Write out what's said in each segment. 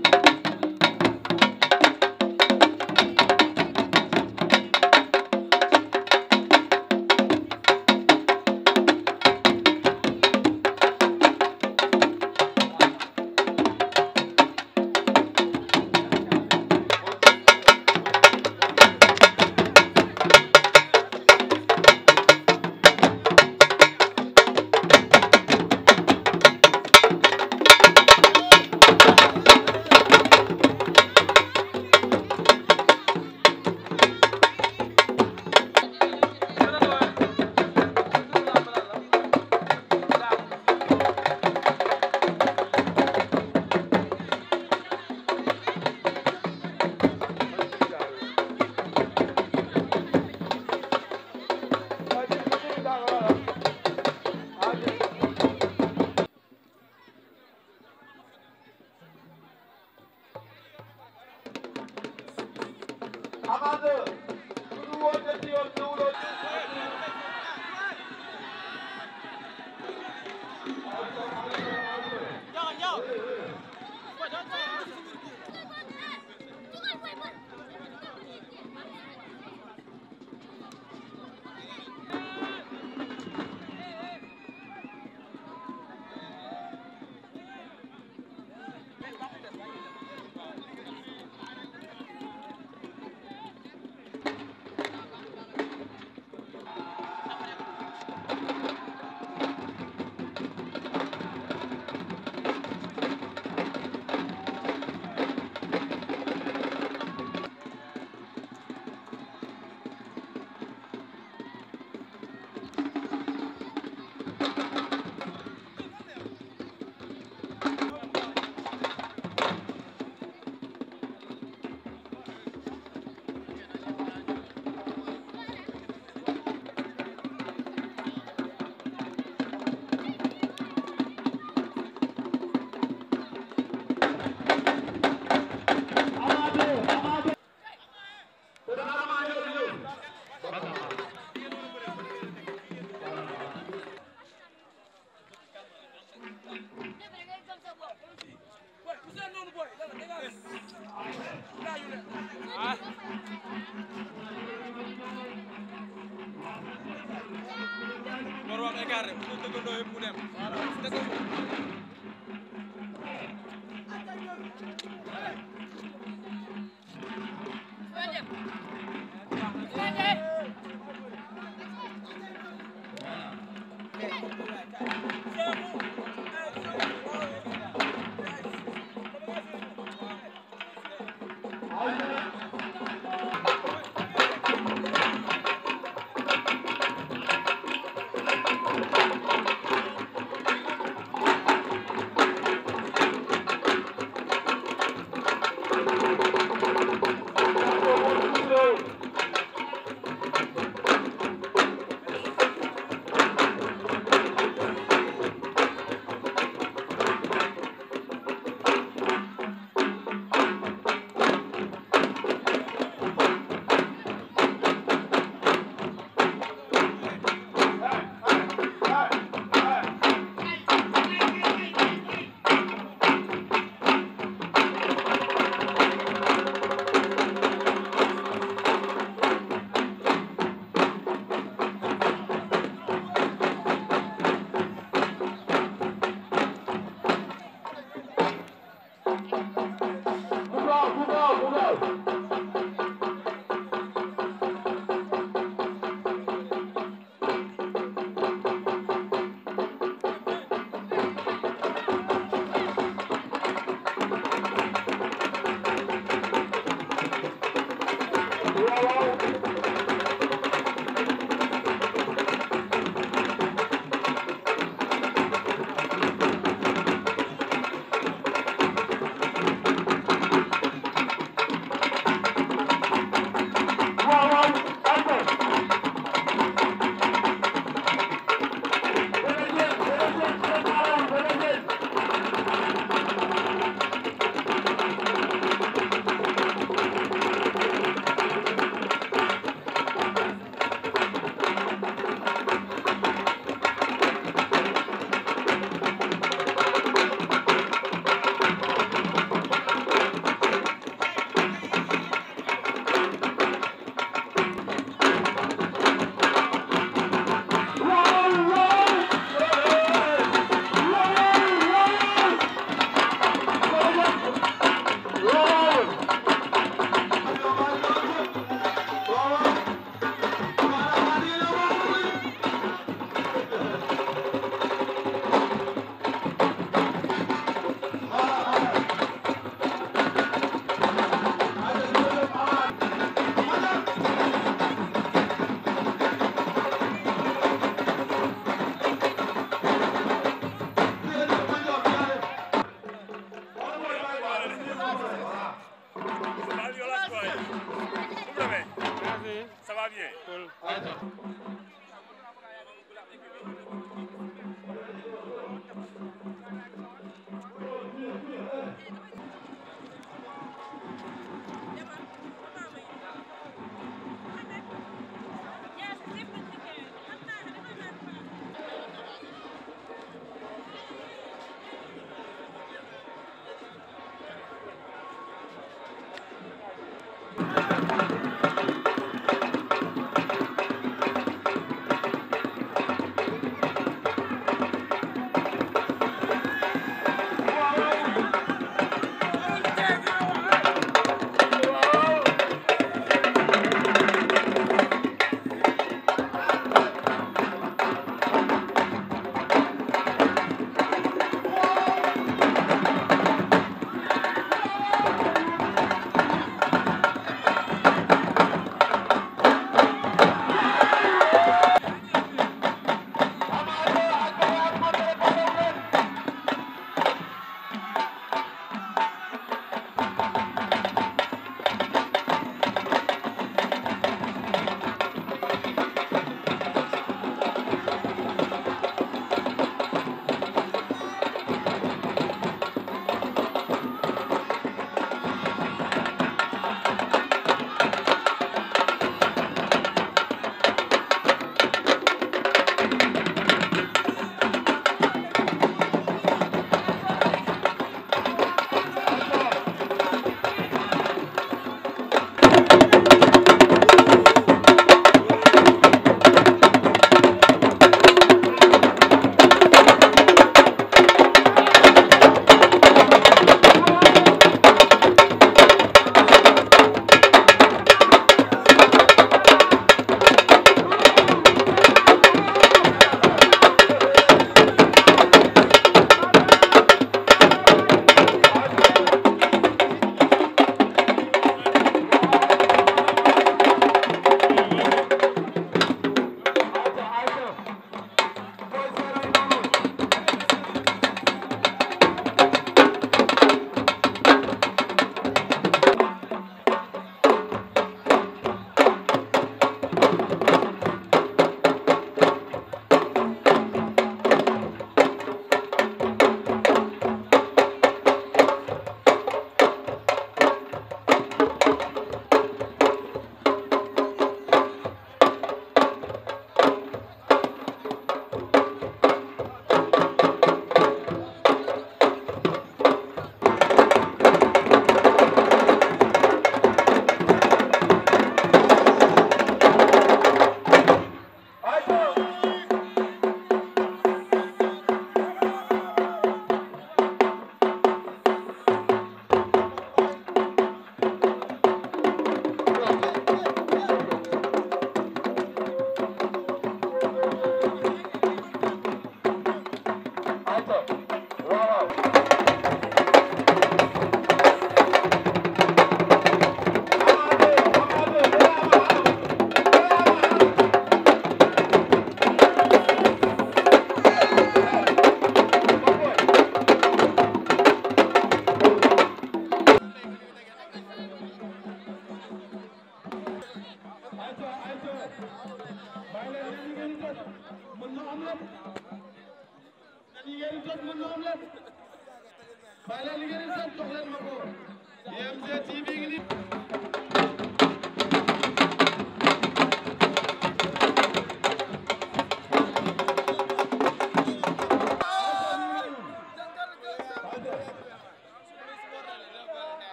Thank you Bye. Maliye. Gol. Atak.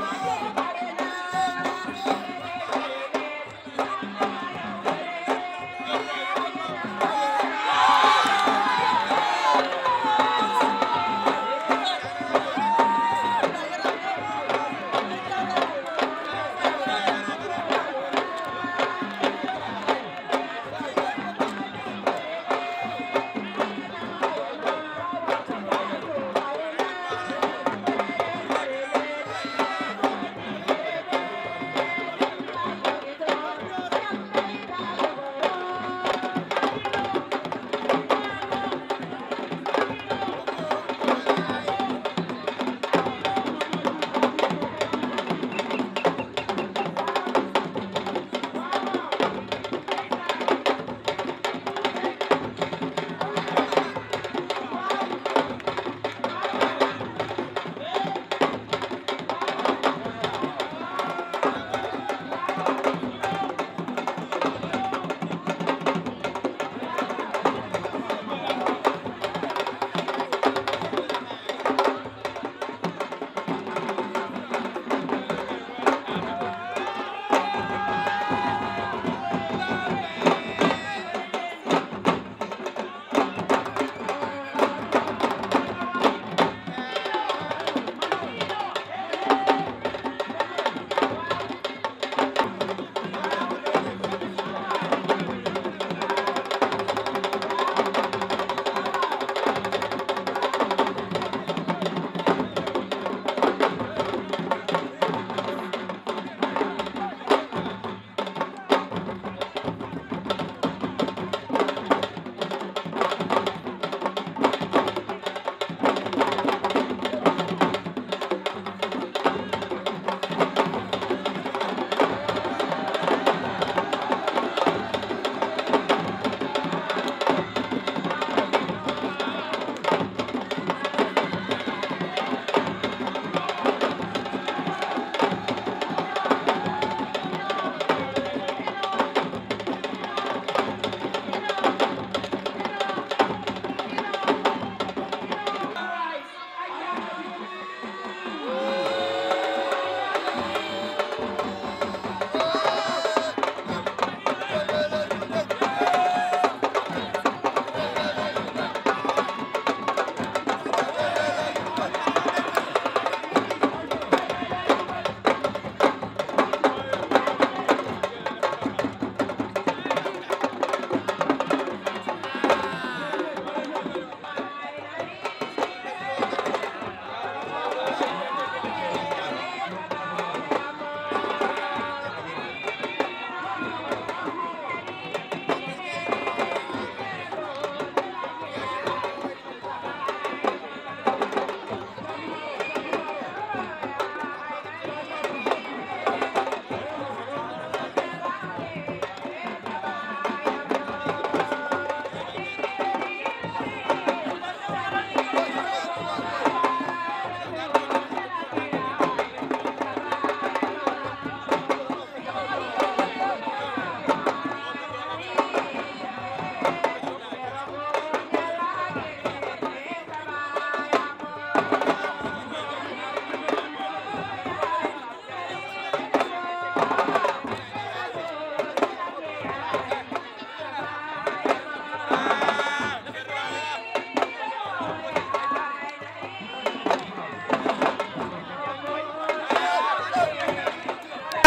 Yeah.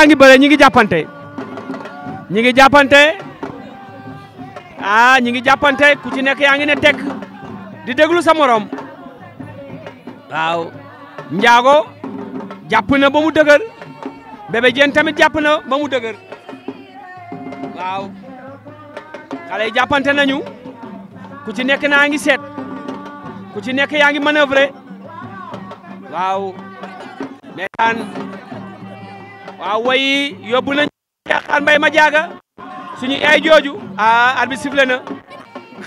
a ngi bëre ñi ngi jàppante ñi ngi jàppante ah ñi ngi jàppante ku ci nekk yaa ngi ne tekk di déglu sa morom waaw njaago jàpp na ba mu dëgër bébé jeen tamit jàpp na ba mu dëgër waaw xale yi nañu ku ci nekk naa ngi seet ku ci nekk yaa ngi manœuvrer waaw mais waaw way yóbbu nañ Yakhar Mbaye ma jaaga suñu yaay jooju a arbitre sifflé na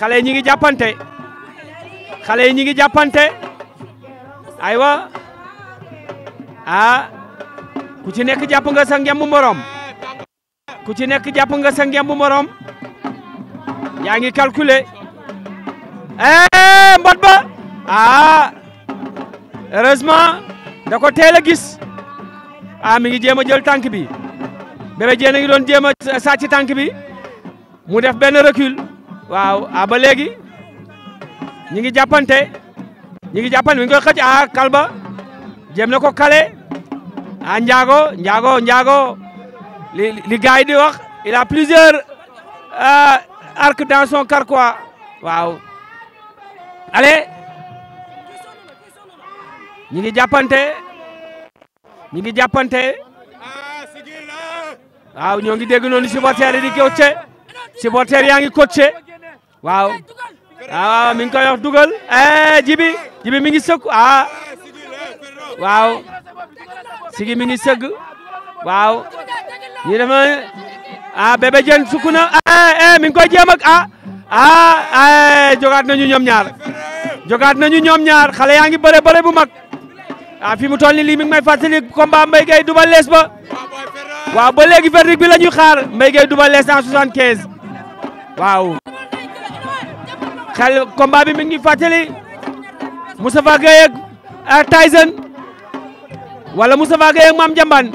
xale yi ñi ngi jàppante xale yi ñi ngi ay aywa a ku ci nekk jàpp nga sa ngemb morom ku ci nekk jàpp nga sa ngemb morom ñaa ngi calculer eh mbot ba ah heureusement da ko gis a ah, mi ngi jéem a jël tànk bi Bébé Diène a ngi doon jéem a sàcc tànk bi mu def benn recul waaw ah ba léegi ñi ngi jàppante ñi ngi jàppante mi ngi koy ah, kalba jéem na ko kale ah njaago njaago njaago li li gars yi di wax il a plusieurs euh, arcs dans son carquois waaw allez ñi ngi jàppante ñu ngi jàppante waaw ñoo ngi dégg noonu supporter yi di kocce supporter yaa ngi kocce waaw waaw mi ko koy wax dugal eh jibi jibi mi ngi sëgg ah waaw sigi mi ngi sëgg waaw ñu def ah bébé jën sukk na eh eh mi ngi koy jéem ak ah ah eh, jogaat nañu ñoom ñaar jogaat nañu ñoom ñaar xale yaa ngi bëre bëre bu mag a ah, fi mu toll nii lii mi ngi may fàttali combat Mbaye Gueye Double Less ba waaw ba léegi verdict bi la ñuy xaar Mbaye Gueye Double Less 175 waaw xel combat bi mi ngi fàttali Moustapha Gueye ak ah, Tyson wala Moustapha Gueye ak Mame Diambane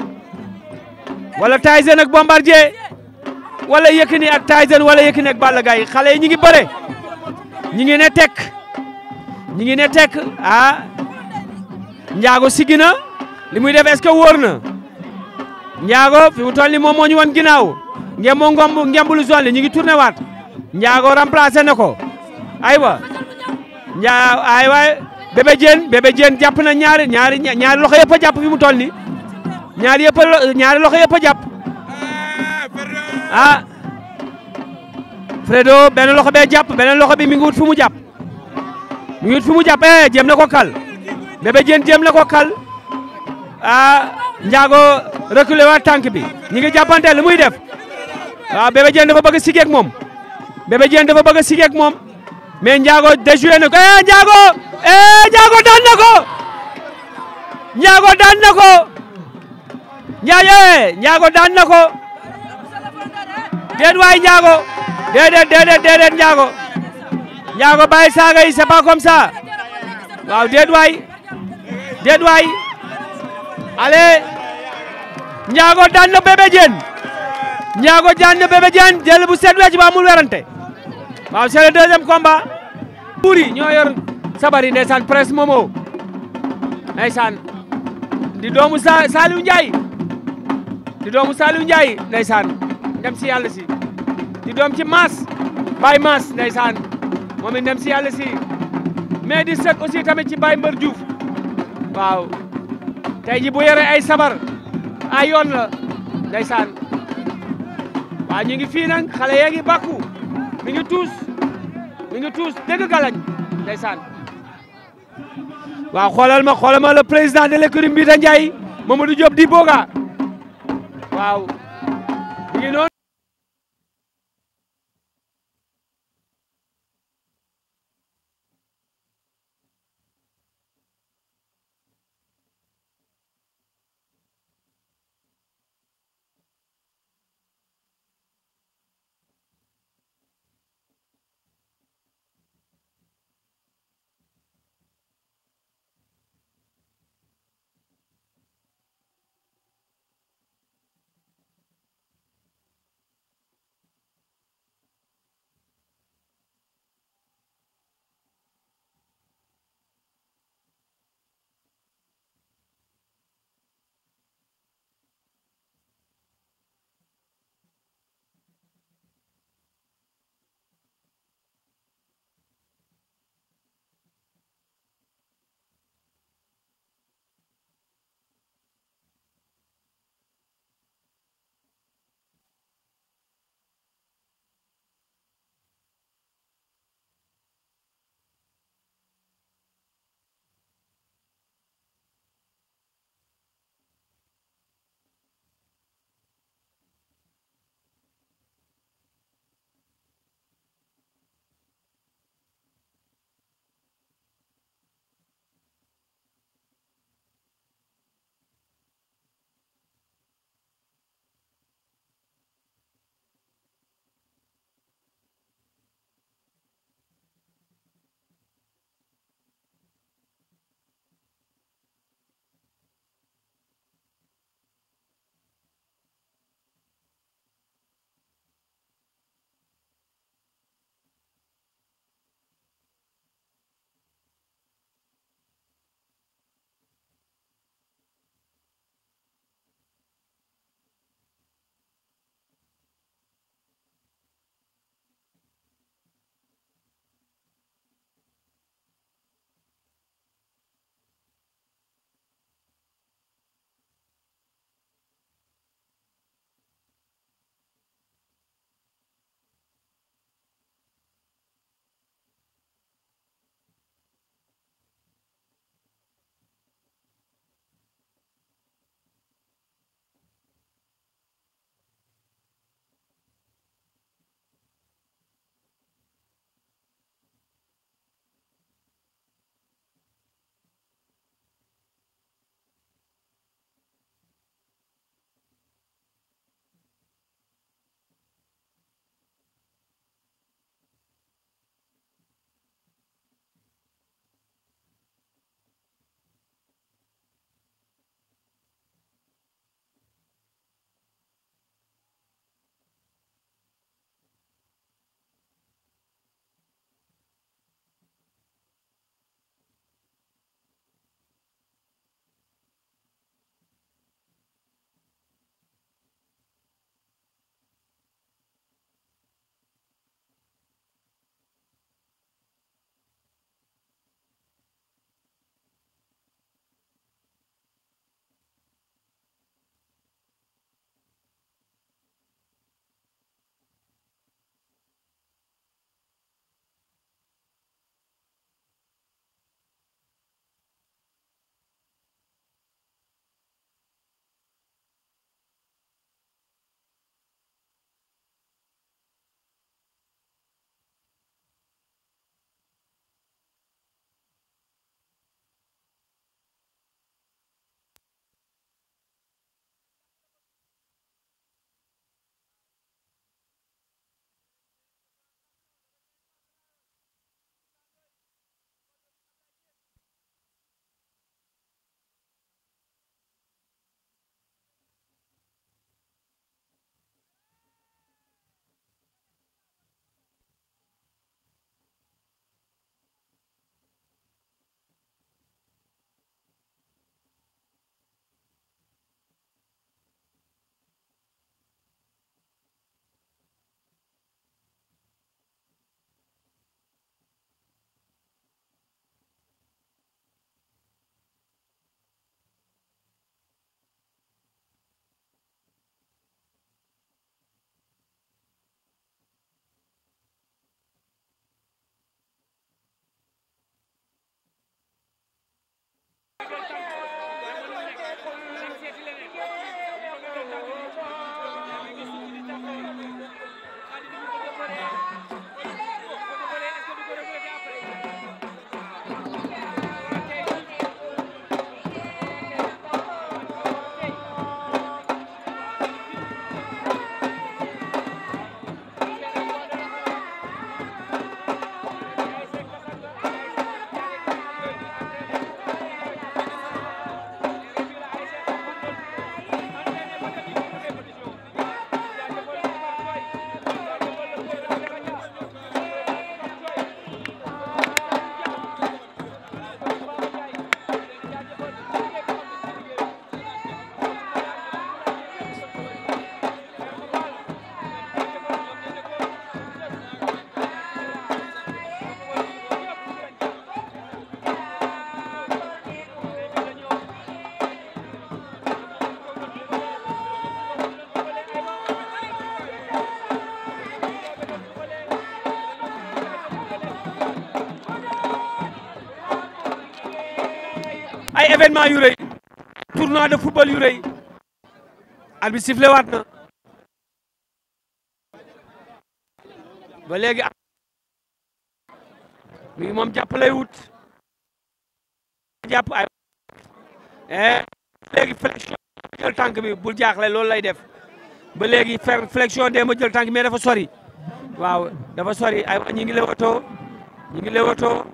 wala Tyson ak Bombardier wala Yékini ak Tyson wala Yékini ak Balla Gaye xale yi ñi ngi bëre ñi ngi ne tekk ñi ngi ne tekk ah. njaago siggi na li muy def est-ce na njaago fi mu toll ni moo ñu wan ginnaaw ngem moo ngomb ngembulu zone li ñu ngi tourné waat njaago remplacé na ko aywa njaa aywa bébé jeen bébé jeen jàpp na ñaari ñaari ñaari loxo yëpp a jàpp fi mu toll ni ñaari yëpp ñaari loxo yëpp a jàpp ah Fredo benn loxo bee jàpp beneen loxo bi mi ngi wut fu mu jàpp mi ngi wut fu mu jàpp eh jéem ko kal Bébé Diène jéem na ko kal ah Ndiago reculé waat tànk bi ñi ngi jàppante lu muy def waaw ah, Bébé Diène dafa bëgg a sigeeg moom Bébé Diène dafa bëgg a sigeeg moom mais Ndiago déjoué na ko eh Ndiago eh, ko Ndiago daan na ko eh, ko déet waay Ndiago déedéet déedéet déedéet Ndiago Ndiago bàyyi saaga yi c'est pas comme ça waaw déet waay allez Ndiago daan na Bébé Diène Ndiago daan na bu set wecc ba amul werante waaw c'est le deuxième combat buuri ñoo sabari ndeysaan presse momo ndeysaan di doomu sa Saliou Ndiaye di doomu Saliou Ndiaye ndeysaan dem si yàlla si di doom ci maas Baye Maas ndeysaan moom it dem si yàlla si mais di set aussi tamit ci Baye waaw tey ji bu yore ay sabar ay yoon la saan waaw ñu ngi fii nag xale yaa ngi bàkku mi ngi tuus mi ngi tuus dégg galañ saan waa xoolal ma xoolal ma le président de l'écurie Mbita Ndiaye Mamadou Diop di Boga waaw mi ngi noonu ay événement yu de football yu rëy arbitre bi sifflé waat na ba léegi mi moom jàpp lay wut jàpp ay eh, léegi flexion jël tànk bi bul jaaxle loolu lay def ba léegi flexion de ma jël tànk mais dafa sori waaw dafa sori ay ñi ngi lewatoo ñi ngi lewatoo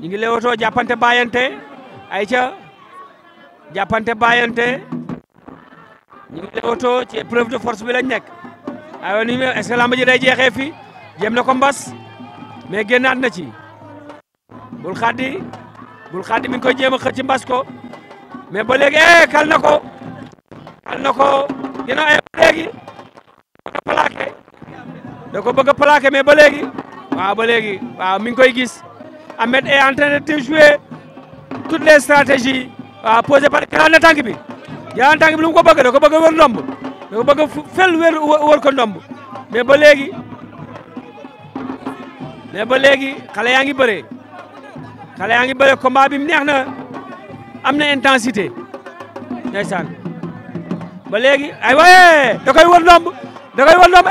ñi ngi lewatoo jàppante bàyyante ayca jàppante bàyyante ñu ngi lewoto ci épreuve de force bi lañ nekk aywa ni me ce que làmb ji day jeexee fii jéem na ko mbas mais génnaat na ci bul xaddi bul xaddi mi ngi koy jéem a xëcc mbas ko mais ba léegi eh kal na ko kal na ko ginnaaw ay ba léegi a ba léegi waaw ba léegi waaw mi ngi koy gis Ahmed est en train toutes les stratégies posées par yaa na tànk bi yaa na tànk bi lu mu ko bëgg da ko bëgg wër ndomb da ko bëgg fel wër wër ko ndomb mais ba léegi mais ba léegi xale yaa ngi bëree xale yaa ngi bëree combat bi neex na am na intensité ndeysaan ba léegi ay waaye da koy wër ndomb da koy wër ndomb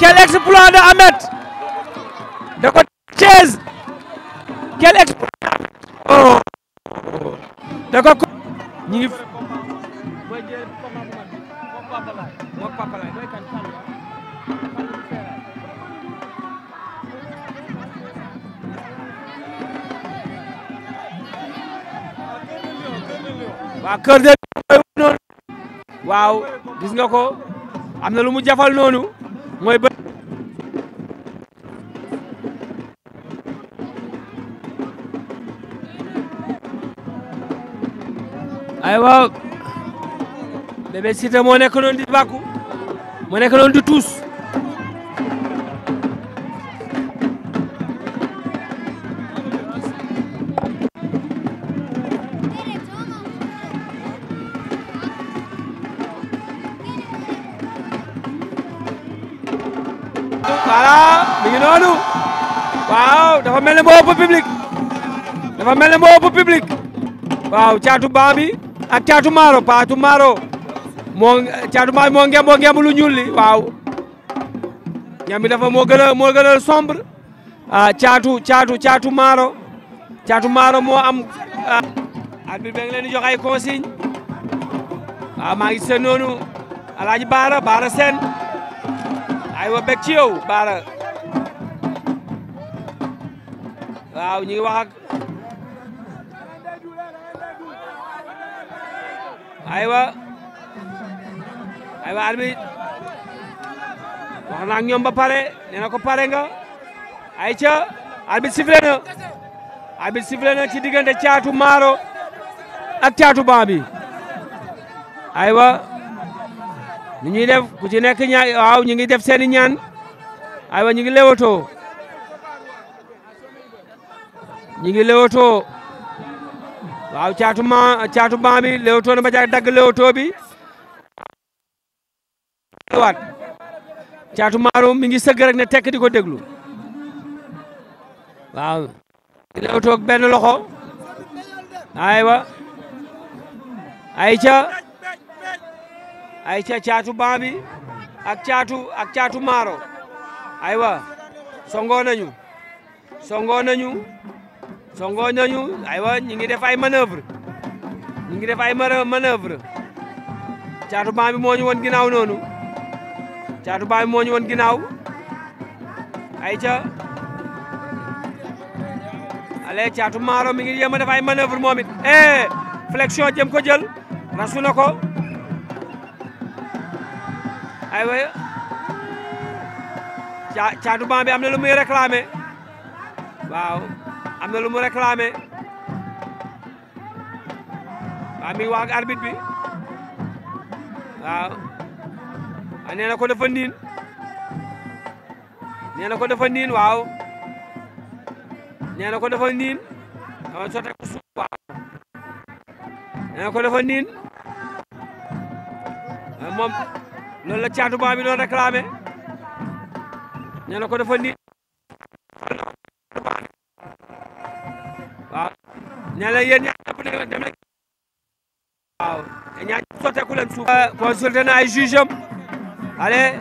quel exploit de Ahmed da ko chaise quelle expérience oh. ko ñi ngi waaw Kër de waaw gis nga ko am na lu mu jafal noonu mooy ay waaw Bébé moo nekk noonu di bàkku moo nekk noonu di tuus waaw dafa mel ne moo ëpp public dafa mel ne moo ëpp public waaw caatu baa bi a caatu maaro paatu maaro moo caatu maaro moo ngem boo lu ñuul li waaw ñam bi dafa moo gën a moo gën a sombre ah caatu caatu caatu maaro caatu maaro moo am ah. arbitre bi leen di jox ay consigne waaw ah, maa ngi seen noonu alaaji baara baara seen aywa bég ci yow baara waaw ñu ngi ay aywa arbitre wax na ak ñoom ba pare nee ko pare nga ay ca arbitre sifflé na arbitre sifflé na ci diggante caatu maaro ak caatu ban bi aywa ni ñuy def ku ci nekk ñaa ñu ngi def seeni ñaan aywa ñu ngi lewatoo ñu ngi lewatoo waaw caatu ma caatu ban bi ba jaay dagg léewtoo bi waat caatu maaro mi ngi sëgg rek ne tekk di ko déglu waaw léewtoo benn loxo aywa ayca ayca caatu ban bi ak caatu ak caatu maaro aywa songoo nañu songoo nañu songoo nañu aywa ñu ngi def ay manoeuvre ñu ngi def ay manoeuvre caatu baa bi moo ñu woon ginnaaw noonu caatu baa bi moo ñu woon ginnaaw ay ca ale caatu maaro mi ngi yem a def ay manoeuvre moom it eh flexion jëm ko jël rasu na ko caatu baa bi am na lu muy réclamer waaw am na lu mu réclamé waaw mi ngi wax bi waaw a nee ko dafa niin nee ko dafa niin waaw nee ko dafa niin dama sote ko suuf waaw nee ko dafa niin moom loolu la caatu baa bi doon réclamé nee ko dafa niin ne la yéen ñaar ñëpp nag dem nañ na ay juge am allez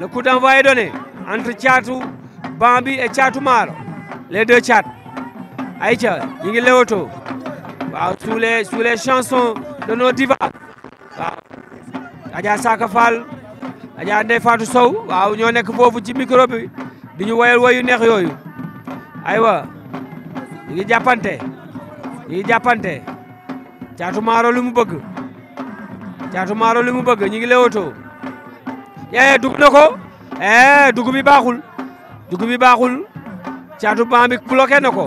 le coup d'envoi est donné entre caatu Bambi et caatu Maaro les deux caat ayca ñu ngi lewoto waaw sous les sous de nos divas waaw Adja Saka Fall Adja Ndeye Fatou Sow waaw ñoo nekk foofu ci micro bi di ñu neex yooyu aywa ñu ngi ñi jàppante caatu maaro lu mu bëgg caatu maaro li mu bëgg ñi ngi leewatoo ee eh, dugg ko ee eh, dugg bi baaxul dugg bi baaxul caatu baa bi bloqué na ko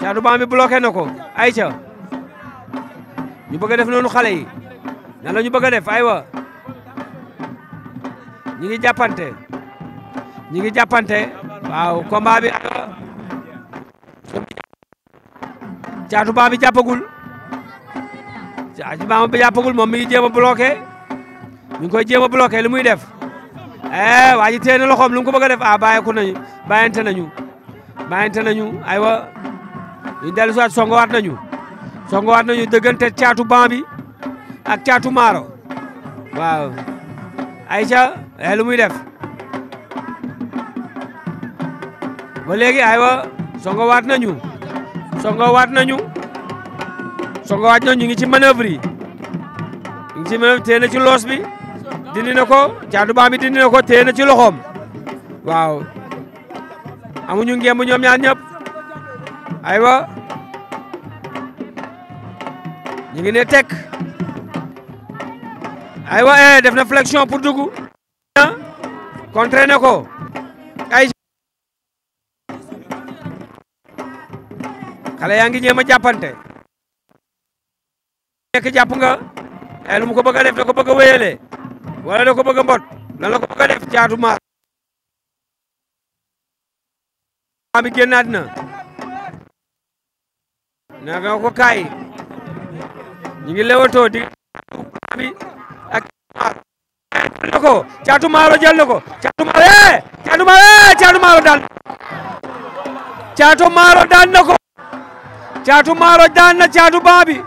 caatu baa bi bloqué na ko ayca ñu bëgg a def noonu xale yi nan la ñu bëgg a def aywa ñi ngi jàppante ñi ngi jàppante waaw combat caatu baa bi jàppagul caatu baa bi jàppagul moom mi ngi jéem a bloqué mi ngi koy jéem a bloqué li muy def eh waa ji téye na loxoom lu mu ko bëgg a def ah bàyyeeku nañu bàyyante nañu bàyyante nañu aywa ñu dellu si waat songowaat nañu songowaat dëggante caatu baa bi ak caatu maaro waaw Aïcha eh, lu muy def ba léegi aywa songowaat nañu songo waat nañu songo waat nañu ñu ngi ci manœuvre yi ngi ci manœuvre téye na ci loos bi dindi na ko caatu baam bi dindi ko téye ci loxoom waaw amuñu ngemb ñoom ñaar ñëpp aywa ñu ngi ne tek aywa eh def na flexion pour dugg. contraire ko. xale yaa ngi jéem a jàppante nekk jàpp nga ay ko bëgg a def da ko bëgg a wéyale wala da ko bëgg a mbot lan la ko bëgg a def caatu maar ami génnaat ko caatu maaro jël na ko caatu maaro eh! caatu eh! caatu maaro daan caatu maaro daan na ko caatu maaro daan na caatu baabi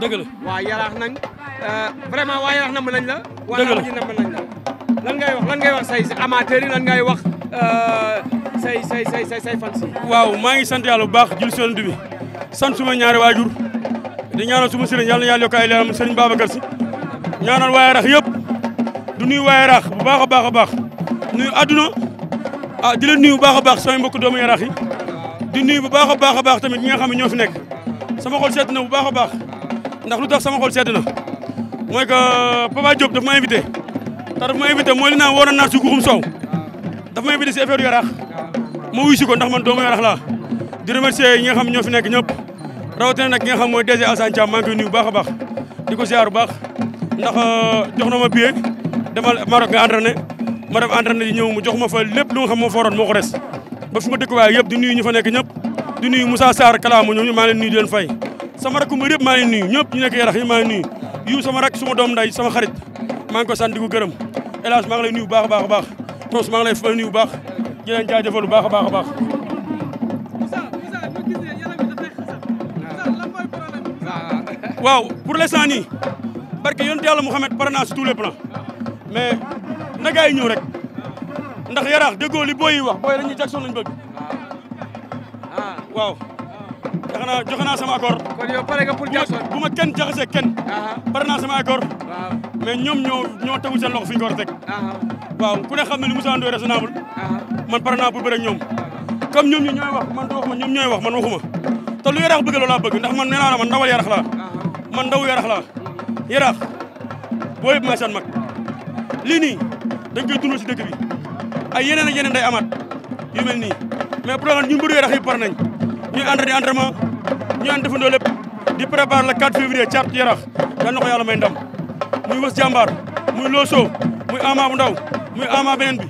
dëgg la waa yaraax nañ euh, vraiment waa yaraax namm nañ la waa làmb ji namm nañ la ngay wax lan ngay wax say amateurs yi lan ngay wax euh, say say say say say fans waaw maa ngi sant yàlla bu baax jul si yonent bi sant suma ñaari waajur di ñaanal suma sëriñ yàlla na yàlla yokk ay leeram sëriñ Babacar si ñaanal waa yaraax yépp du nuyu waa yaraax bu baax a baax a baax nuyu adduna ah di leen nuyu bu baax a baax samay mbokk doomu yaraax yi di nuyu bu baax a baax a baax tamit ñi nga xam ne ñoo fi nekk sama xol seet na bu baax a baax ndax lu tax sama xol sedd na mooy que euh, Papa Diop daf ma invité te daf ma invité mooy li naan woo na naa si guxum soow daf ma invité si affaire ma wuy si ko ndax man doomu yaraax la di remercier ñi nga xam ñoo fi nekk ñëpp rawatina nag ñi nga xam mooy DG Assane Thiam maa ngi koy bax a baax di ko ziar bu baax ndax euh, jox na ma billet demal Maroc nga entraîné ma def entraîné yi ñëw mu jox ma fa lépp lu xam moo fooroon moo ko des ba fi ma dëkk waaye yëpp di nuyu ñu fa nekk ñëpp di nuyu Moussa Sarr kala ma ñoom leen nuyu di sama rakk mbër maa ngi nuyu ñëpp ñu nekk yarax yi maa ngi nuyu yu sama rakk suma doom nday sama xarit maa ngi ko sant di ko gërëm hélas maa ngi lay nuyu baax a baax baax toos maa ngi lay fa nuyu baax di leen jaajëfal baax baax baax waaw pour l'instant nii barke yonent yàlla Mouhamed pare naa si tous les plans mais na yi ñëw rek ndax yaraax déggoo li booy yi wax booy dañuy Jackson lañ bëgg tax na joxe naa sama accord. kon yow pare nga pour Jackson bu ma kenn jaxasee kenn. pare naa sama accord. waaw mais ñoom ñoo ñoo tegu seen loxo fi ñu ko war a teg. waaw ku ne xam ne ni Moussa Ndoye raisonnable. man pare naa pour bëre ak ñoom. comme ñoom ñi ñooy wax man du waxuma ñoom ñooy wax man waxuma. te lu yaraax bëgg loolaa bëgg ndax man nee naa la man ndawal yaraax laa. man ndaw yaraax laa. yaraax boo yëpp maa seen mag. lii dañ koy dundal si dëkk bi ay yeneen ak yeneen day amat. yu mel nii mais bu doon ñun mbëru yaraax yi par nañ ñuy entraîné entraînement ñu daan defandoo lépp di préparer le 4 février caatu yarax yal na ko may ndam muy wës jàmbaar muy loosoo muy ama bu ndaw muy ama beneen bi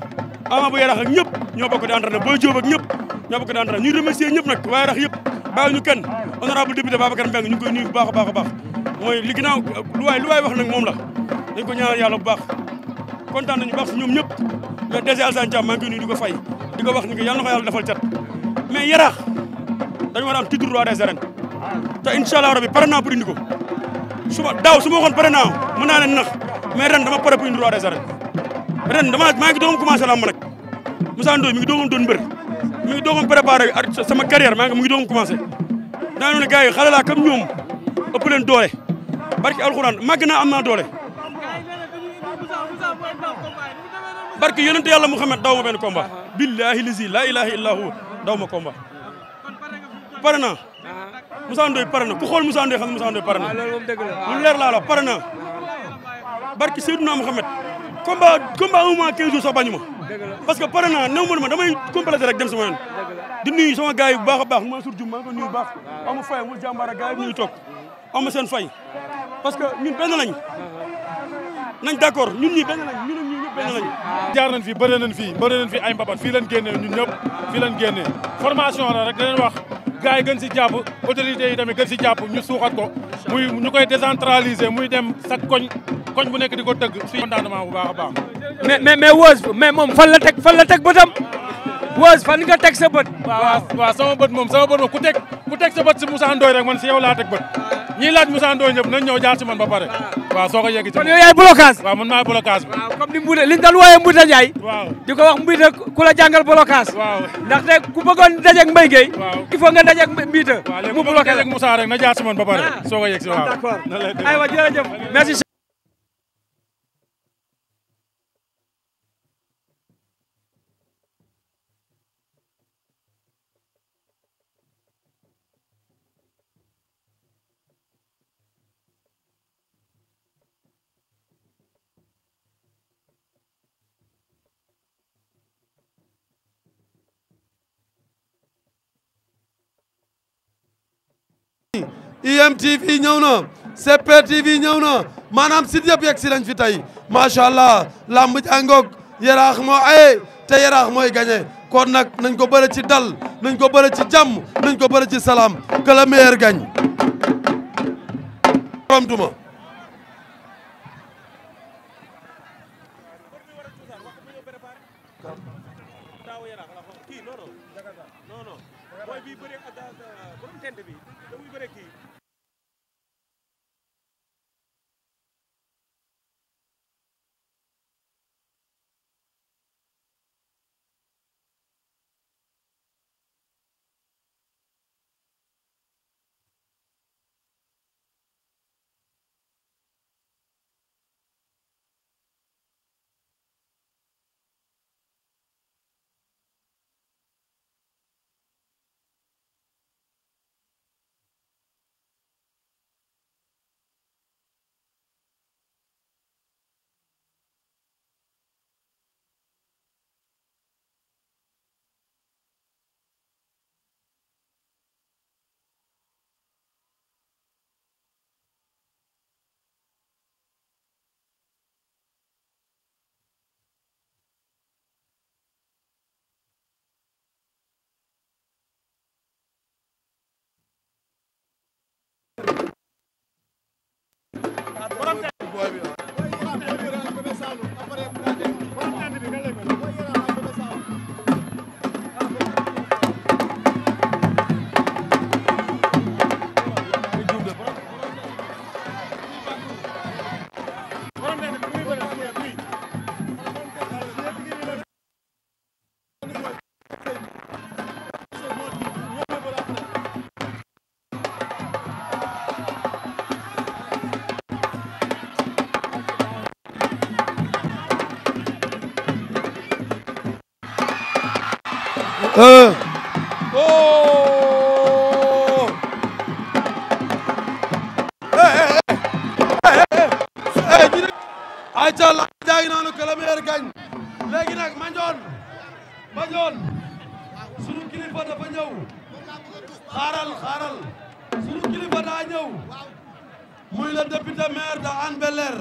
ama bu yarax ñëpp ñoo bokk di entraîné booy jóob ñëpp ñoo bokk di entraîné ñuy remercier ñëpp nag waaye rax yëpp bàyyi ñu kenn honorable ba Babacar Mbengue ñu ngi koy nuyu bu baax baax baax mooy li ginnaaw lu wax nag moom la dañ ko ñaanal yàlla bu baax kontaan nañu baax si ñoom ñëpp le di ko wax ni a am titre te incha allah rabi pare naa pour indi ko suba daaw su ma waxoon pare naa mën naa leen nax mais ren dama pare pour indi roi des arènes ren dama maa ngi doon commencé lamb nag Moussa Ndoye mi ngi doon doon mbër mi ngi doon préparé sama carrière maa ngi mi ngi doon commencé daa noonu gars yi xale laa comme leen doole barki alxuraan màgg naa am naa doole barki yonente yàlla Muhammad daw ma benn combat billahi lazi la ilaha illa daw ma combat pare naa Moussa Ndoye pare na ku xool Moussa Ndoye xam ne Moussa Ndoye pare na ah, lu leer laa la pare na barki Seydina Mouhamed combat combat un mois 15 jours sax bañu ma parce que pare na new ma damay complété rek dem sama yoon di nuyu sama gars yi bu baax a baax Mansour Diouf maa ngi ko nuyu baax amu fay amul jàmbaar ak gars yi ñuy toog amu seen fay parce que ñun benn lañ uh-huh. nañ d'accord ñun ñi benn lañ ñun jaar nañ fi bëri nañ fi bëri nañ fi ay mbabat fii lañ génnee ñun ñëpp fii lañ génnee formation la rek di leen wax gars yi gën si jàpp autorités yi tamit gën si jàpp ñu suuxat ko muy ñu koy décentraliser muy dem sa koñ koñ bu nekk di ko tëgg suñu fondement baax a baax mais mais mais Weuz mais moom fan la teg fan la teg bëtam Weuz fan nga teg sa bët waaw waaw sama bët moom sama bët moom ku teg ku teg sa bët si Moussa Ndoye rek man si yow laa teg bët ñiy laaj Moussa Ndoye ñëpp nañ ñëw jaar ci man ba pare waaw soo ko yegg ci kon yow yaay maay blocage bi waaw comme ni mbuuta li ñu doon wooyee mbuuta ndaxte ku bëggoon dajeeg Mbaye Gueye il mu bloqué na jaar ba pare ah. soo ko yegg si waaw ah, d'accord aywa IMTV ñëw na CPTV ñaw na maanaam sit yëpp yegg si nañ fi tey macha allah làmb jàngoog yaraax moo aye te yaraax mooy gagné kon nag nañ ko bëre ci dal nañ ko bëre ci jàmm nañ ko bëre ci salaam que le meilleur gagne. borom bi acca la jaay noonu que le meilleur gagne léegi xaaral xaaral sunu kilifa daa ñëw muy le député maire de Hann Bel-Air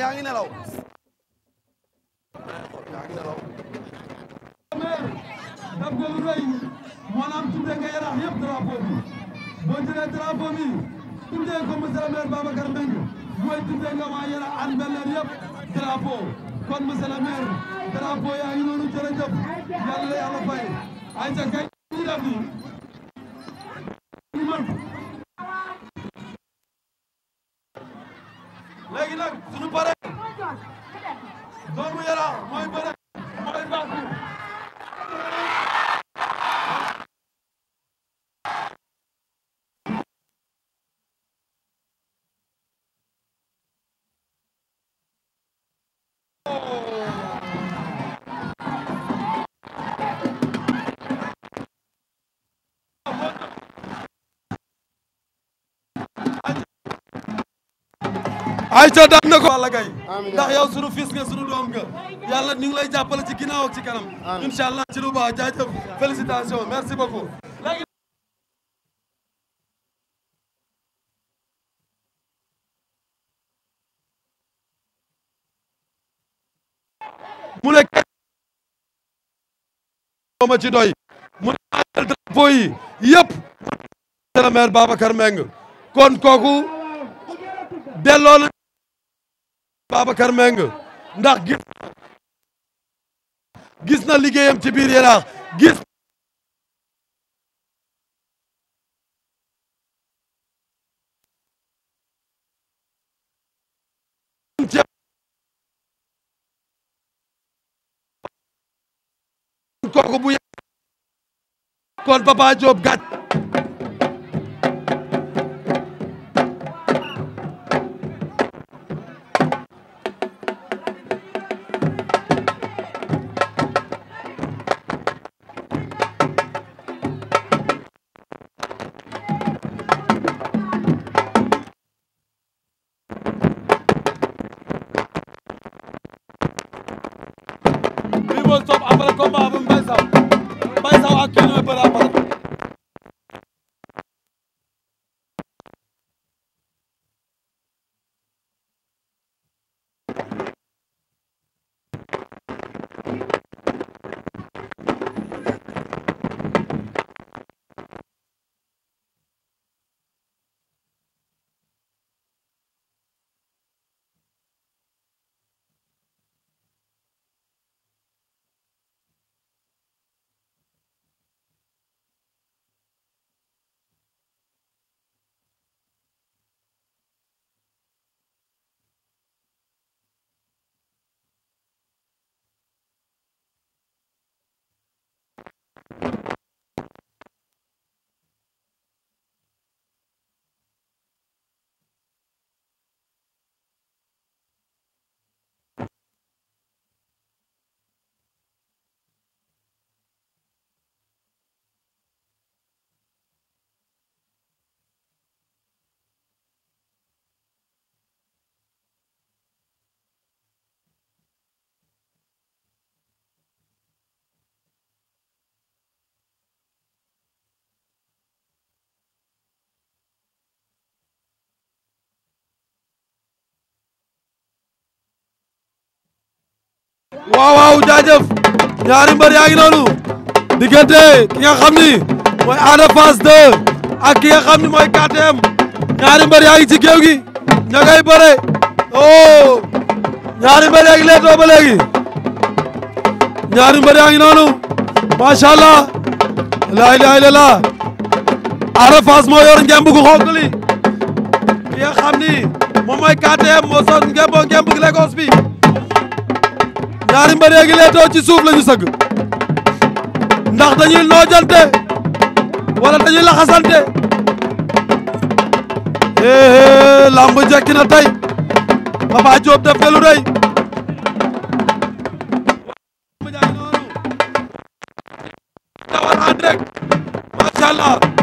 yaa ngi nelaw yaa ngi nelaw daf ko lu ko monsieur le maire mooy tuddee nga waa an belleer yëpp drapeau kon monsieur le maire noonu jërëjëf yàlla la yàlla fay ay ca Aïcha daan na ko Balla Gaye ndax yow suñu fils nga suñu dom nga yalla ñu ngi lay jappal ci ginaaw ak ci kanam inshallah ci lu ba jaajëf félicitations merci beaucoup mu ne ma ci doy mu ne drapeau yi yep sama mère Babacar meng kon koku delloo na Baba Mbengue ndax gis gis na liggéeyam ci biir Yaraax gis kooku bu kon Papa Diop gàtt Pro Stop après combat bu Mbaye Sow Mbaye Sow ak kii nu muy bëre après waaw waaw jaajëf ñaari mbër yaa ngi noonu diggante ki nga xam ni mooy Ada Fass 2 ak ki nga xam ni mooy KTM ñaari mbër yaa ci géew gi ña ngay bëre oh ñaari mbër yaa ngi leetoo ba ñaari mbër yaa noonu macha allah laa ilaaha Ada Fass moo yor ngemb gu xonk li ki nga xam ni moom mooy KTM moo son ngemb ngemb gi bi ñaari mbër yi ngi suuf la sëgg ndax dañuy noojante wala dañuy laxasante eh, eh lamb jekki na tey Papa def na lu rëy dawal ànd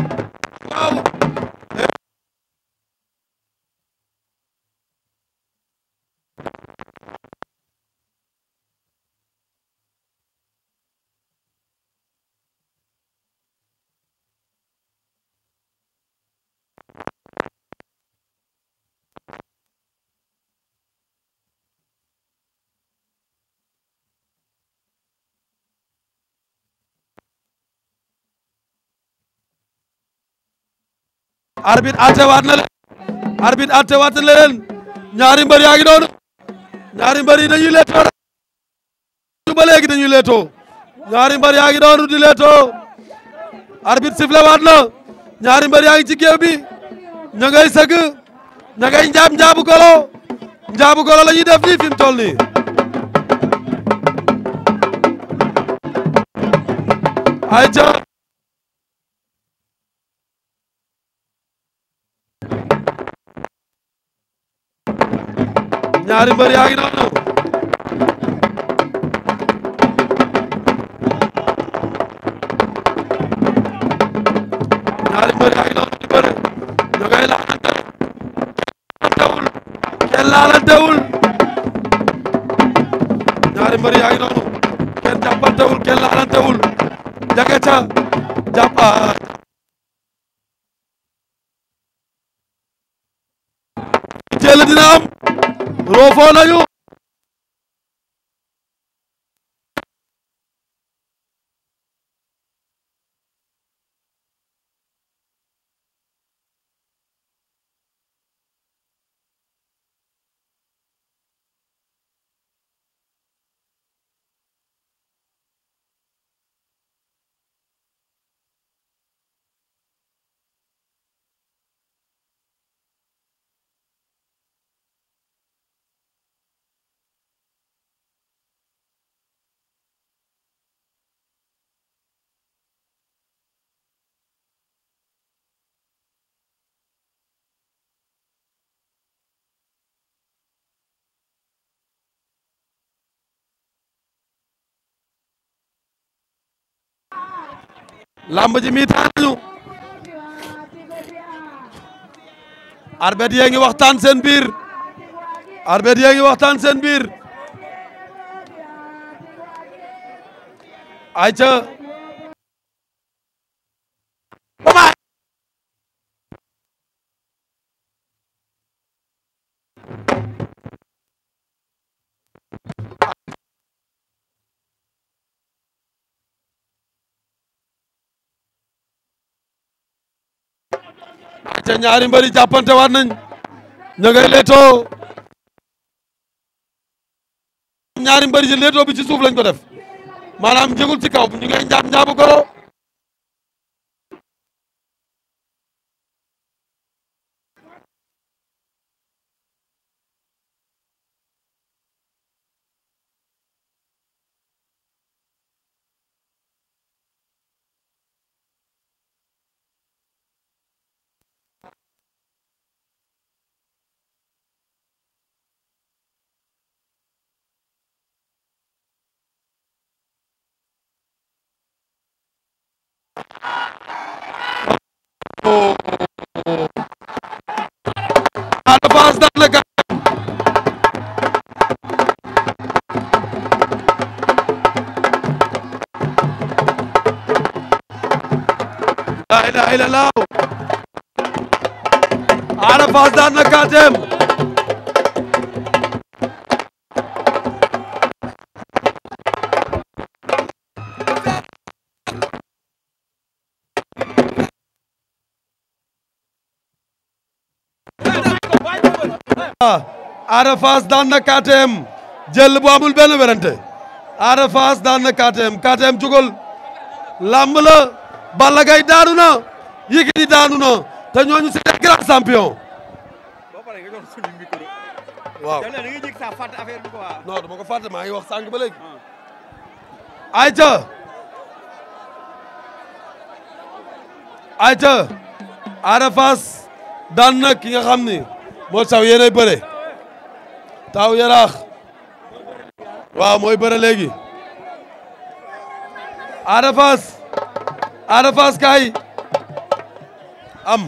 arbitre attewaat na leen arbitre attewaat na leen ñaari mbër yaa ngi noonu ñaari mbër yi dañuy leetoo rek ba léegi dañuy leetoo ñaari mbër yaa ngi noonu di leetoo arbitre sifflé waat na ñaari mbër yaa ngi ci géew bi ña ngay sëgg ña ngay njaab njaabu la ñuy def nii fi mu nii ñaari mbër yaa ngi noonu ñaari mbër yaa ngi noonu follow you. lamb ji mi taañu arbet yee ngi waxtaan sen biir arbet yee ngi waxtaan seen biir ayca ca ñaari mbëri jàppante waat nañ ña ngay leetoo ñaari mbëri ji leetoo bi ci suuf lañ ko def maanaam jegul ci kaw ñu ngay njaab njaabu goro combat Ada Fass daan na KTM jël bu amul benn werante Ada Fass daan na KTM KTM jógal làmb Balla Gaye daanu na Yékini daanu na te ñooñu c'est des grands champions ngi wax sànq ba léegi ayca ayca Ada Fass daan na ki nga xam ni moo saw yéenay bëre taaw yaraax waaw mooy bëre léegi Ada Fass Ada Fass kaay am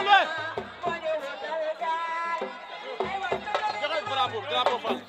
Joxe drapeau drapeau Fall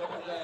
どこで、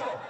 থাকো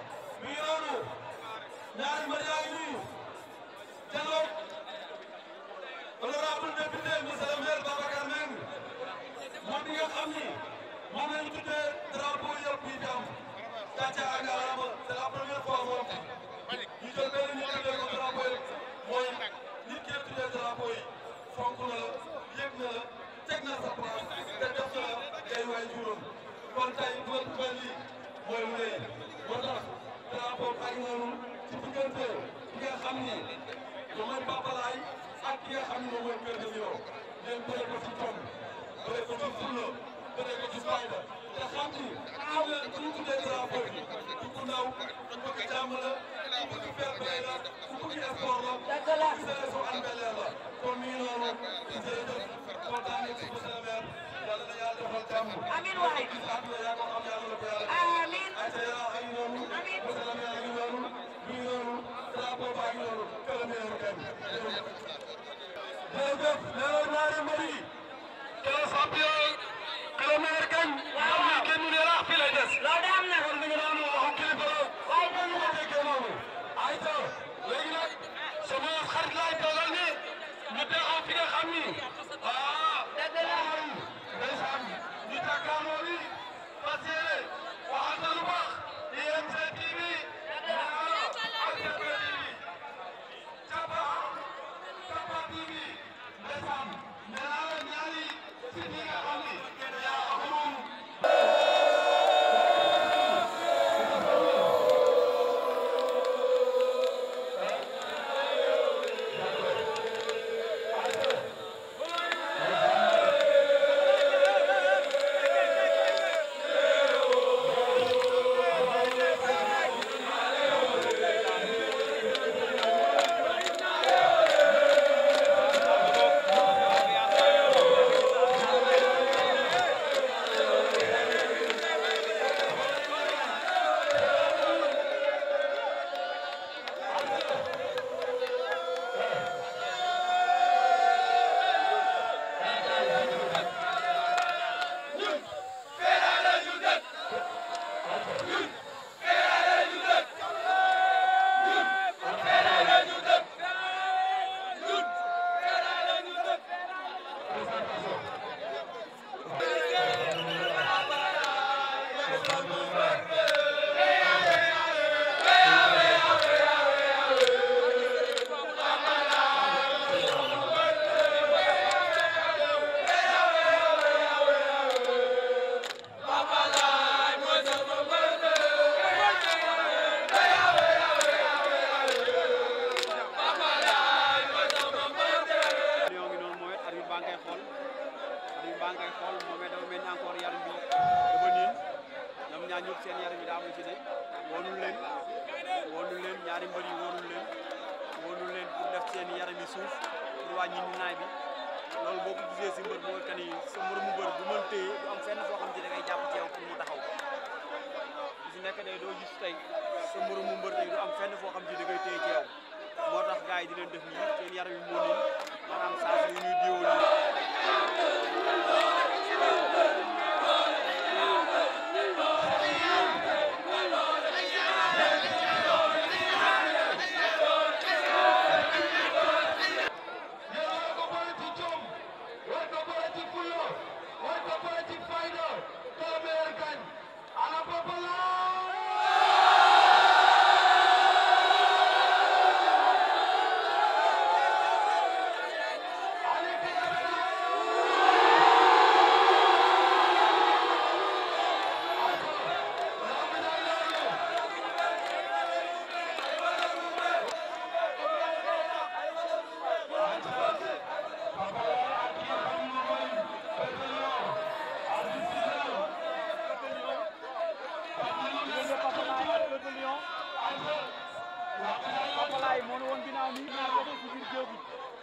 Thank you.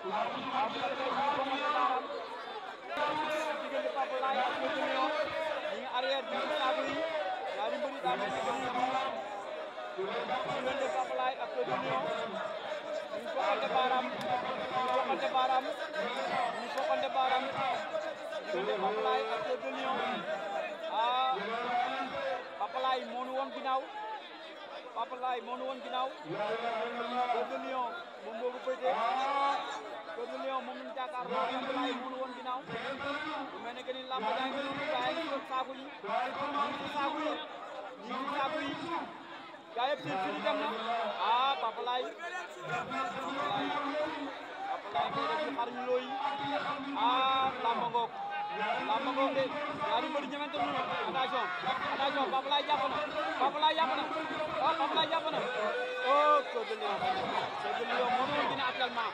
Papa Laye moo nu woon ginnaaw Lion moom moo ko féetee Codou Lion moom lañ jàkkaarloo ak Abdoulaye Mbour woon ginnaaw bu mel ne que ni làmb daa ngi dugg gaa yi ñu saaku yi ñu ngi saaku yi ñu ngi saaku yi gaa yëpp seen fini dem na ah Papa Laye Papa Laye moo def xar ñu looyi ah làmb ngoog làmb ngoog de yaa di mbëri ñemente ñu attention attention Papa Laye jàpp na Papa Laye jàpp na ah Papa Laye jàpp na oh Codou Lion Codou Lion moom lañ gën a actuellement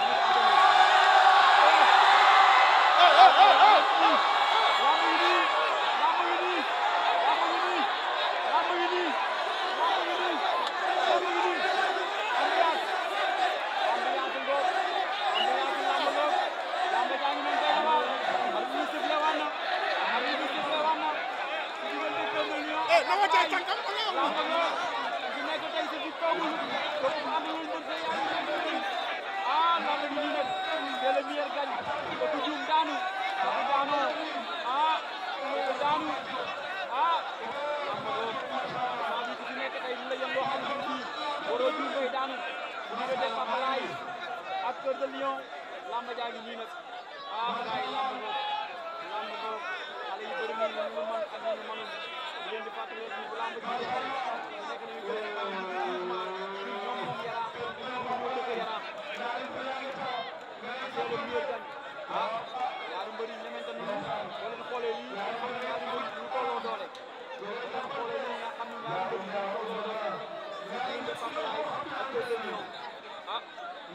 de Lyon lamba jaa ngi nii nag ah gars yi lamba boobu lamba boobu xale yu bëri nañ ñu mën ak ñu mënul di leen di fàttali leen bu lamba ji nekk nañu gën a ñoom moom yaraax ñoom ñoo dëkk yaraax soo dem ñëw gan ah ñaari mbëri ñemente nañu boo leen xoolee lii nga xam ne ñaari mbëri ñu tolloo doole boo leen xoolee lii nga xam ne ñaari mbëri ñu tolloo doole ñu ngi leen di fàttali ak Lyon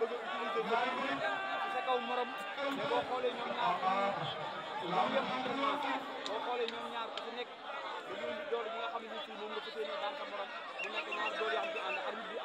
di bëgg a utiliser bëgg ci sa kaw morom mais boo xoolee ñoom ñaar ñoom yëpp entraînement boo ñaar ku nekk dañuy doole bi nga xam ne moom nga fas yéene nekk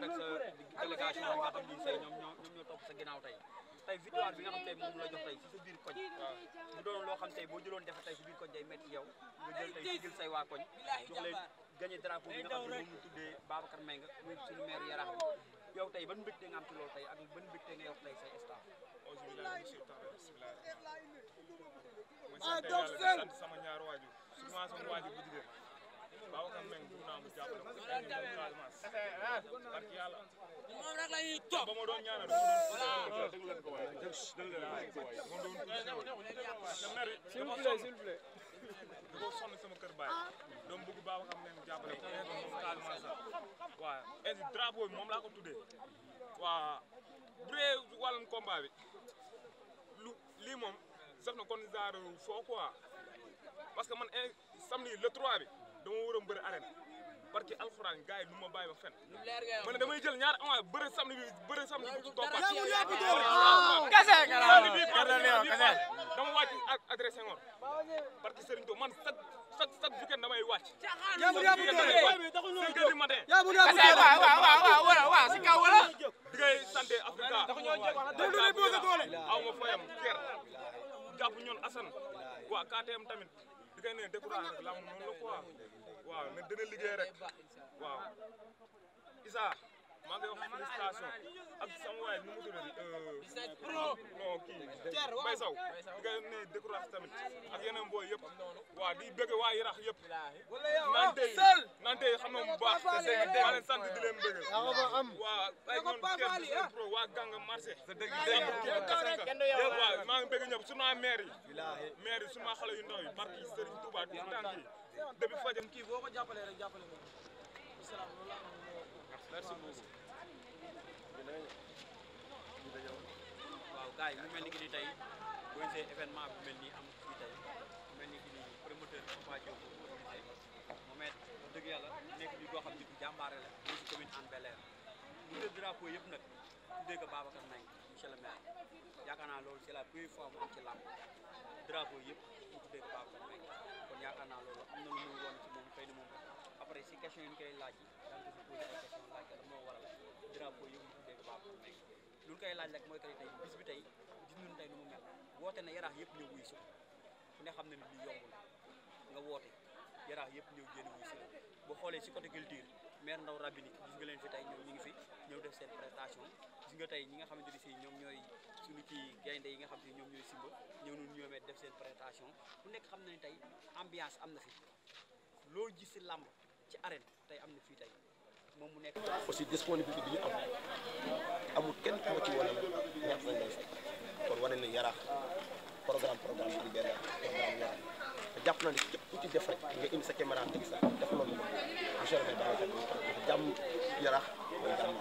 ànd ak sa délégation bi nga xam ni say ñoom ñoo ñoo topp sa ginnaaw tey tey victoire bi nga xam tey moom la jox tey si sa biir koñ doon loo xam tey boo jëloon defe tey si biir koñ day métti yow nga jël tey si jël say waa koñ jox drapeau bi nga xam ne moom ñu tuddee Babacar Mbengue muy suñu maire Yarax bi yow tey ban mbégte nga am ci loolu tey ak ban mbégte nga yox tey sa staff ma sant yàlla sant sama ñaar waajur surtout Babacar Mbengue bëgg naa mu jàppale ko eh, eh. barki yàlla moom la ñuy topp ba ma doon ñaanal voilà déglu leen ko waay déglu leen moom doon s'il vous plaît s'il vous plaît dafa sonn sama kër baay doom bëgg Babacar Mbengue jàppale ko Casamance waaw et moom laa ko tudde waaw bu dee wàllum combat bi lu lii moom sax na kon genre foo quoi parce que man eh, samedi le 3 bi dama war a mbër arène parce que alxuraan gars yi lu ma bàyyi ba fen ma ne damay jël ñaar amaa bëre samedi bi bëre samedi bi kooku ak. Ah. kese dama wàcc adressé ngoon parce que Serigne Thiaw man chaque chaque chaque weekend damay wàcc. yaabu yaabu doole matin. yaabu yaabu doole waaw waaw waaw waaw si kaw wala. di ngay santé Africa. déglu ne boo ko doole. aw ma fayam kër jàpp ñoon Assane waa KTM tamit. bi kay ne découragé rek la noonu waaw mais dina liggéey waaw Issa maa ngi wax félicitation ak sama waay nu mu tuddati. Euh, pro non kii Mbaye Sow nga ne décourage tamit ak yeneen booy yëpp waa di bëgg waa Yarax yëpp naan tey naan tey xam na mu baax maa leen sant di leen bëgg waa ay ñoom kenn ah. pro waa Ganga marché waa maa ngi bëgg ñëpp suma maire yi maire yi suma xale yu ndaw yi barki Serigne Touba di tànk yi depuis kii boo ko jàppalee rek jàppale ko merci gars yi mu mel ni ki ni tey boo gisee événement bu mel nii am fii tey mu mel ni ki ni promoteur Papa Diop boo gisee moom it dëgg yàlla nekk bi koo xam ne bu jàmbaare la mu si commune Hann Bel-Air mu def drapeau yëpp nag tuddee ko Babacar Mbengue monsieur le maire yaakaar naa loolu c'est la première fois mu am ci làmb drapeau yëpp mu tuddee ko Babacar Mbengue kon yaakaar naa loolu am na lu muy woon ci moom xëy na moom après si question yi ñu koy laaj yi daan ko si posé ay question laaj la moo waral drapeau yëpp mu tuddee ko Babacar Mbengue lu kay laaj rek mooy que tey bis bi tey gis nañu tey nu mu mel woote na yaraax yëpp ñëw wuy si ku ne xam na ni lii yombul woote yaraax yëpp ñëw génn wuy boo xoolee si côté culture maire ndaw rabini gis nga leen fi tey ñoom ngi fi ñëw def seen prestation gis nga tey ñi nga xamante ni si ñoom ñooy suñu ci gaynde yi nga xam ne ñoom ñooy simba ñëw nañu ñoomee def seen prestation ku nekk xam na ni tey ambiance am na fi loo gis si làmb ci arène tey am na fii tey aussi disponibilité bi ñu am amul kenn ku ma ci wane la ñàkk nañ lay fay kon wane na yaraax programme programme bi benn programme yaraax te jàpp na ne képp ku ci def rek nga indi sa caméra teg sa def loolu monsieur le maire daal di ko jàmm yaraax mooy jàmm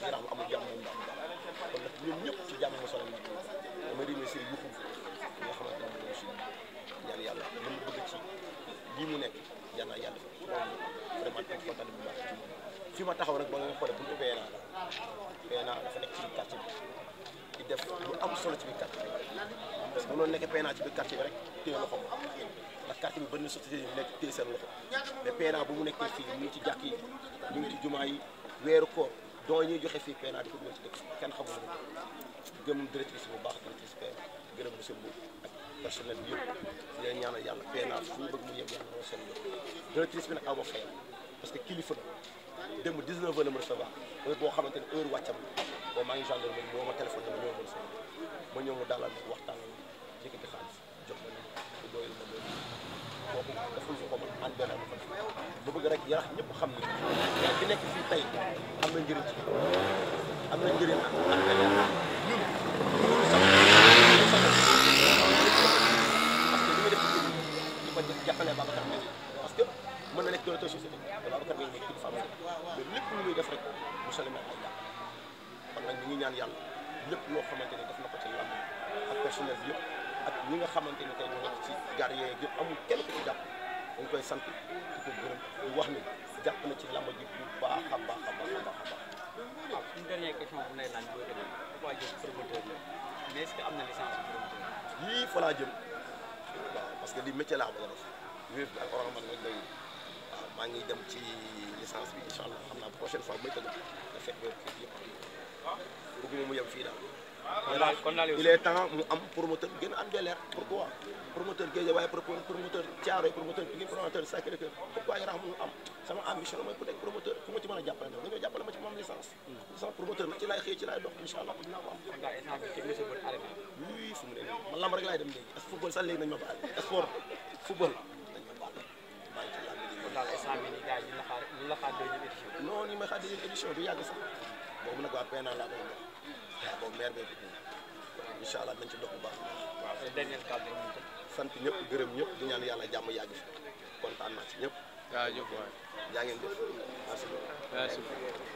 yaraax bu amul jàmm moom ñëpp ci jàmm mosoo la ñu dama remercier yuxu nga xamante ne moom aussi ñaan yàlla mu bëgg ci lii mu nekk yàlla yàlla vraiment bu baax fi ma taxaw nag ba nga xoolee buntu PNA PNA dafa nekk ci quartier bi di def lu am solo ci biir quartier bi parce que mënoon nekk PNA ci biir quartier bi rek téye loxo ndax quartier bi bëri na société yi nekk téye seen loxo mais mu nekkee fii ñu ngi ci jàkk yi ñu ngi ci jumaa yi weeru koor don ñuy joxe fii PNA di ko dugal ci dëkk kenn xamul lu gëm bu baax directrice PNA gërëm monsieur Mbour ak personnel bi yëpp di leen ñaanal yàlla PNA fu ñu bëgg mu yem yàlla moo seen yoon directrice bi nag aw ma parce que kilifa démb 19 heures la ma recevoir heure boo xamante ne heure wàccam la boobu maa ngi gendarmerie boo ma téléphone dama ñëw mën sama ma ñëw mu dalal ma waxtaan yëkkati xaalis jox ma ne doyal ma doyal kooku deful ko man man benn ma fa ma bëgg rek yarax ñëpp xam ne bi nekk fii tey am na njëriñ ci am na njëriñ ak am na ñun ñun sax ñun sax parce que li ma def ci di ko jàppale Babacar parce que mën na nekk doole société def rek monsieur le maire day jàpp kon nag ñu ñaan yàlla lépp loo xamante ne def na ko ci làmb ak personnel bi ak ñi nga xamante ne tey ñu nekk ci gar yee amul kenn ku ci jàpp dañ koy sant di ko gërëm di wax ni jàpp na ci làmb ji bu baax a baax a baax a baax a baax waaw ah, une dernière question bu nay laaj booy am na licence promoteur yii fa laa jëm waaw parce que li métier laa bëgg a def bi ak orange man rek maa ngi dem ci licence bi incha allah xam naa prochaine fois bu may tëdd da fekk mu yem fii daal. kon daal mu am promoteur gën a am leer pourquoi promoteur Guédiawaye promoteur Thiaroye promoteur Pikine promoteur Sacré-Cœur pourquoi Yaraax mu am sama ambition la mooy pour nekk promoteur ma ci mën a jàppale nag dañoo jàppale ma ci moom licence. sama promoteur ci laay xëy ci laay dox incha allah dinaa ko am. kon daal fu mu ne nii man lamb rek laay dem léegi. football sax léegi nañ daal instant bii nii gars yi ñu la xaar ñu la xaar yàgg sax boobu nag waa PNA laa koy def waaw boobu maire bee fi ñëw incha allah nañ dox bu baax. waaw ñëpp gërëm ñëpp di ñaan yàlla jàmm yàgg fi kontaan naa ci ñëpp. jaajëf waay jaa ngeen jëf